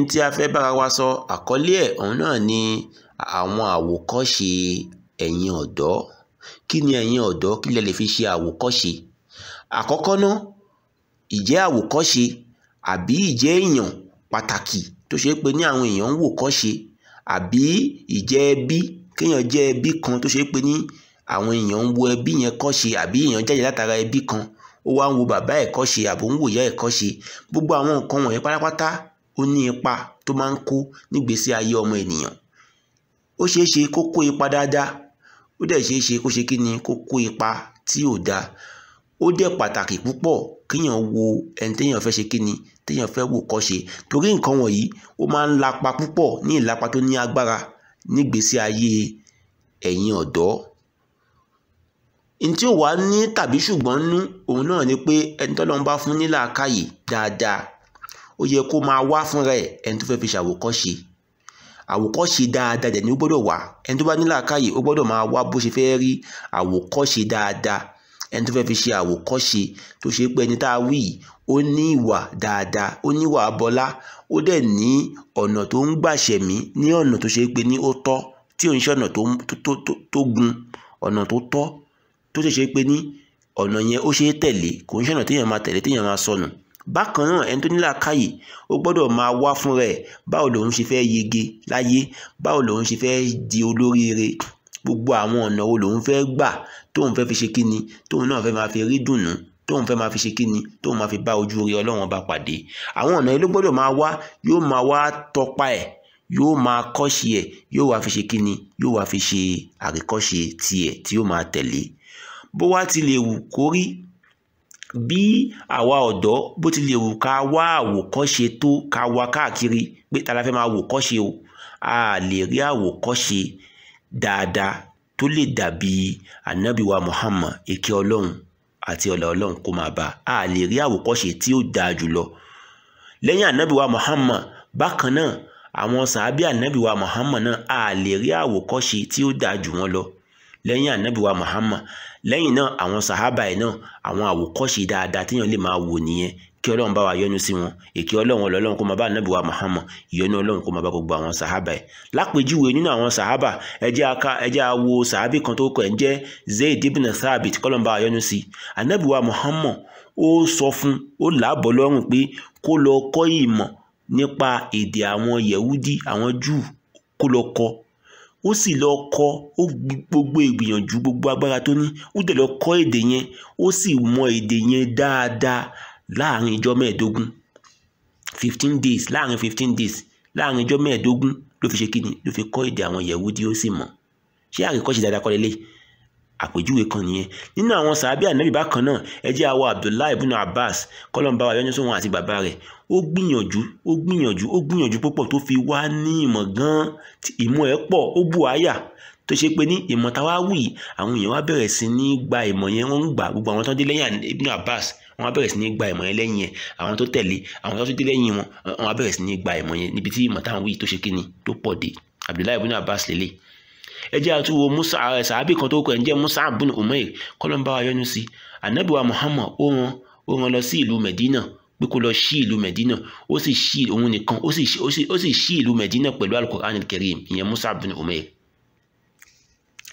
n tí a fẹ́ bára wa sọ àkọlé ẹ̀ òun náà ni àwọn àwòkọ́ṣe ẹ̀yin ọ̀dọ́ kí ni ẹ̀yin ọ̀dọ́ kí lẹ lè fi ṣe àwòkọ́ṣe àkọ́kọ́ ná ìjẹ́ àwòkọ́ṣe àbí ìjẹ́ èèyàn pàtàkì tó ṣe é pé ní àwọn èèyàn ń wòkọ́ṣe àbí ìjẹ́ ẹbí kéèyàn jẹ́ ẹbí kan tó ṣe é pé ní àwọn èèyàn ń wo ẹbí yẹn kọ́ṣe àbí èèyàn jáde látara ẹbí kan ó wá ń wo bàbá ẹ̀ àbò ń wòyá ẹ̀ gbogbo àwọn nǹkan wọ̀nyí pátápátá ó ní ipa tó máa ń kó nígbésí ayé ọmọ ènìyàn ó ṣeé ṣe kó kó ipa dáadáa ó dẹ̀ ṣeé ṣe kó ṣe kí ni kó kó ipa tí ò dáa ó dẹ̀ pàtàkì púpọ̀ kíyàn wo ẹni téèyàn fẹ́ ṣe kí ni téèyàn fẹ́ wò kọ́ ṣe torí nǹkan wọ̀nyí ó máa ń lapa púpọ̀ ní ìlapa tó ní agbára nígbésí ayé ẹ̀yin ọ̀dọ́ n ò wá ní tàbí ṣùgbọ́n nú òun náà ni pé ẹni tọ́lọ́run bá fún ní làákàyè dáadáa ó yẹ kó máa wá fúnra ẹ̀ ẹni tó fẹ́ fi ṣàwòkọ́ṣe àwòkọ́ṣe dáadáa dẹ̀ ni ó gbọ́dọ̀ wá ẹni tó bá ní làákàyè ó gbọ́dọ̀ máa wá bó ṣe fẹ́ rí àwòkọ́ṣe dáadáa ẹni tó fẹ́ fi ṣe àwòkọ́ṣe tó ṣe pé ẹni tá a wí ó ní ìwà dáadáa ó ní ìwà abọ́lá ó dẹ̀ ní ọ̀nà tó ń gbàṣẹ̀mí ní ọ̀nà tó ṣe pé ní ó tọ́ tí ò ń ṣe ọ̀nà tó gun ọ̀nà tó tọ́ tó ṣe ṣe pé ní ọ̀nà yẹn ó ṣe é tẹ̀lé kò ń ṣe ọ̀nà téèyàn máa tẹ̀lé téèyàn máa sọnù bákan náà ẹni tó ní làákàyè ó gbọ́dọ̀ máa wá fúnra ẹ̀ báwo lòun ṣe fẹ́ yege láyé báwo lòun ṣe fẹ́ di olóríire gbogbo àwọn ọ̀nà wo lòun fẹ́ gbà tóun fẹ́ fi ṣe kíni tóun náà fẹ́ máa fi rí dùnnú tóun fẹ́ máa fi ṣe kíni tóun máa fi bá ojú rí ọlọ́run bá pàdé àwọn ọ̀nà yìí ló gbọ́dọ̀ máa wá yóò máa wá tọpa ẹ̀ yóò máa kọ́ṣe ẹ̀ yóò wá fi ṣe kíni yóò wá fi ṣe àríkọ́ṣe tiẹ̀ tí yóò máa tẹ̀lé bó wá ti lè wù kórí bí àwa ọ̀dọ́ bó ti lè wù ká wá àwòkọ́ṣe tó ká wá káàkiri pé ta la fẹ́ máa wòkọ́ṣe o a lè rí àwòkọ́ṣe dáadáa tó lè dàbí ànábì wa Muhammad èké ọlọ́run àti ọ̀là ọlọ́run kó máa bá a lè rí àwòkọ́ṣe tí ó dáa jùlọ lẹ́yìn ànábì Muhammad bákan náà àwọn sàábì ànábì Muhammad náà a lè rí àwòkọ́ṣe tí ó dáa jù wọ́n lọ lẹ́yìn ànábìwá Muhammad lẹ́yìn náà àwọn sàhábà ẹ̀ náà àwọn àwòkọ́ṣe dáadáa téèyàn lè máa wò nìyẹn kí ọlọ́run bá wa yọ́nú sí wọn èkí ọlọ́run ọlọ́run kó máa bá ànábìwá Muhammad ìyọ́nú ọlọ́run kó máa bá gbogbo àwọn sàhábà ẹ̀ lápèjúwe nínú àwọn sàhábà ẹjẹ́ aka ẹjẹ́ awo sàhábì kan tó kọ̀ ẹ̀ ń jẹ́ Zayd ibn Thabit kọ́lọ́n bá wa yọ́nú sí ànábìwá Muhammad ó sọ fún ó làbọ̀ lọ́rùn pé kó lọ kọ́ ìmọ̀ nípa èdè àwọn Yẹ̀wúdí àwọn Júù kó lọ kọ́ ó sì lọ kọ́ ó gbogbo ìgbìyànjú gbogbo agbára tó ní ó dẹ̀ lọ kọ́ èdè yẹn ó sì mọ èdè yẹn dáadáa láàrin ìjọ́ mẹ́ẹ̀ẹ́dógún fifteen days láàrin fifteen days láàrin ìjọ́ mẹ́ẹ̀ẹ́dógún ló fi ṣe kí ni ló fi kọ́ èdè àwọn Yẹ̀wúdí ó sì mọ̀ ṣé àríkọ́ṣe dáadáa kọ́ lélẹ́yìí àpèjúwe kan nìyẹn nínú àwọn sàábì ànábì bákan náà ẹ jẹ́ àwọ abdullahi ibn abbas kọ́lọ́mbà wa yọ́njú sóhun àti bàbá rẹ̀ ó gbìyànjú ó gbìyànjú ó gbìyànjú púpọ̀ tó fi wá ní ìmọ̀ gan-an ìmọ̀ ẹ̀ pọ̀ ó bù àyà tó ṣe pé ní ìmọ̀ táwa wì àwọn èèyàn wá bẹ̀rẹ̀ sí ní gba ìmọ̀ yẹn wọ́n ń gbà gbogbo àwọn tó dé lẹ́yìn ibn abbas wọ́n á bẹ̀rẹ̀ sí ní gba ìmọ̀ yẹn lẹ́yìn ẹ̀ àwọn tó tẹ̀lé àwọn tó dé lẹ́yìn wọn wọ́n á bẹ̀rẹ̀ sí ní gba ìmọ̀ yẹn níbi tí ìmọ̀ táwọn wì tó ṣe kíni tó pọ̀ dé abdullahi ibn abbas lélẹ́yìí ẹ jẹ́ àtúwò musa sàábì kan tó kọ ẹ̀ ń jẹ́ Mus'ab ibn Umair kọ́lọ́mbà wa yọ́nú sí ànábì Muhammad ó ran ó ran lọ sí ìlú Medina pé kó lọ sí ìlú Medina ó sì sí òun nìkan ó sì sí ìlú Medina pẹ̀lú al-Qur'an al-Karim ìyẹn Mus'ab ibn Umair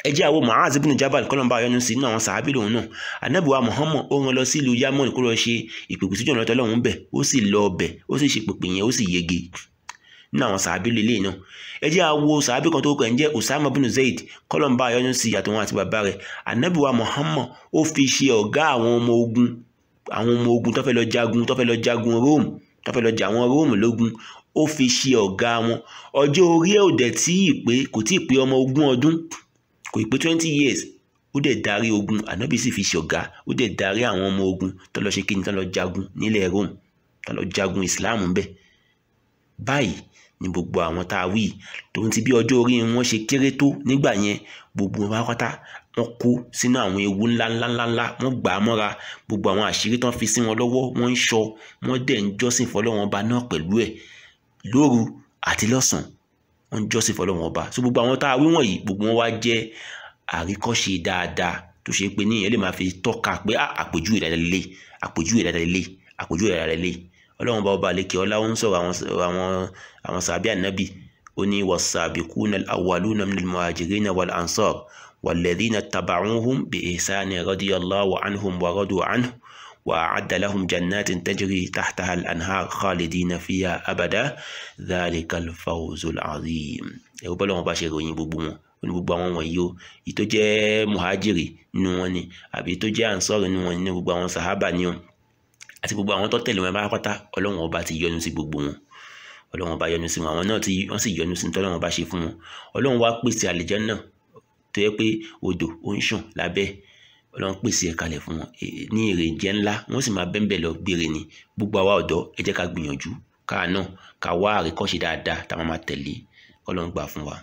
ẹ jẹ́ àwọn Mu'az ibn Jabal kọ́lọ́mbà ayọ́nu sí inú àwọn sàábì lòun náà anábìwá Muhammad ó rán lọ sí ìlú Yamani kó lọ ṣe ìpèkùsíjọ́ lọ́tọ́ lọ́hún bẹ̀ ó sì lọ bẹ̀ ó sì ṣe pèpè yẹn ó sì yege nínú àwọn sàábí lélẹ̀ náà ẹ jẹ́ àwo sàábí kan tó kàn ń jẹ́ Usama bin Zaid kọ́lọ́mbà ayọ́nú sí ìyàtọ̀ wọn àti bàbá rẹ̀ anabiwa Muhammad ó fi ṣe ọ̀gá àwọn ọmọ ogun àwọn ọmọ ogun tó fẹ́ lọ jagun tó fẹ́ lọ jagun Rome tó fẹ́ lọ jà àwọn Rome lógun ó fi ṣe ọ̀gá wọn ọjọ́ orí ẹ̀ ò dẹ̀ tí ì pé kò tí ì pé ọmọ ogún ọdún kò ì pé twenty years ó dẹ̀ darí ogun ànábì sì fi ṣe ọ̀gá ó dẹ̀ darí àwọn ọmọ ogun tó lọ ṣe kíni tó lọ jagun nílẹ̀ Rome tó lọ jagun Islam bẹ́ẹ̀ báyìí ni gbogbo àwọn tá a wí tòun ti bí ọjọ́ orí wọn ṣe kéré tó nígbà yẹn gbogbo wọn pátá wọn kó sínú àwọn ewu ńláńláńlá wọn gbà á mọ́ra gbogbo àwọn àṣírí tán fi sí wọn lọ́wọ́ wọn ń ṣọ wọn dẹ̀ ń jọ́sìn fọlọ́wọn ọba náà pẹ̀lú ẹ̀ lóru àti lọ́sàn-án wọn ń jọ́sìn fọlọ́wọn ọba so gbogbo àwọn tá a wí wọ̀nyí gbogbo wọn wá jẹ́ àríkọ́ṣe dáadáa tó ṣe pé níyẹn lè máa fi tọ́ka pé ah, àpèjúwe dáadáa lélẹ̀ àpèjúwe dáadáa lélẹ̀ àpèjúwe dáadáa lélẹ̀ ọlọ́run bá ọba àlekè ọlá ń sọ̀rọ̀ àwọn àwọn sàbí ànábì ó ní was-sabiquna al-awwaluna min al-muhajirina wal-ansar wal-ladhina taba'uhum bi ihsani radiyallahu anhum wa radu anhu wa a'adda lahum jannatin tajri tahtaha al-anhar khalidina fiha abada dhalika al-fawzu al-azim ẹ̀rọ bọ́lá wọn bá ṣe ròyìn gbogbo wọn ní gbogbo àwọn wọ̀nyí o èyí muhajiri nínú wọn ni àbí tó jẹ́ ansọ́ọ̀rì wọn ni gbogbo àwọn sàhábà ni o àti gbogbo àwọn tó tẹ̀lé wọn pátápátá ọlọ́run ọba ti yọ́nú sí gbogbo wọn ọlọ́run ọba yọ́nú sí wọn àwọn náà ti wọ́n sì yọ́nú sí ní tọ́lọ́run ọba ṣe fún wọn ọlọ́run wá pèsè àlùjánnà tó yẹ pé odò ó ń ṣàn lábẹ́ ọlọ́run pèsè ẹ̀ kalẹ̀ fún wọn e, ní èrè jẹ́ ńlá wọ́n sì máa bẹ́ńbẹ̀ lọ gbére ni gbogbo àwa ọ̀dọ́ ẹ jẹ́ ká gbìyànjú káà náà ká wá àríkọ́ṣe dáadáa táwọn máa tẹ̀lé ọlọ́run gbà fún wa.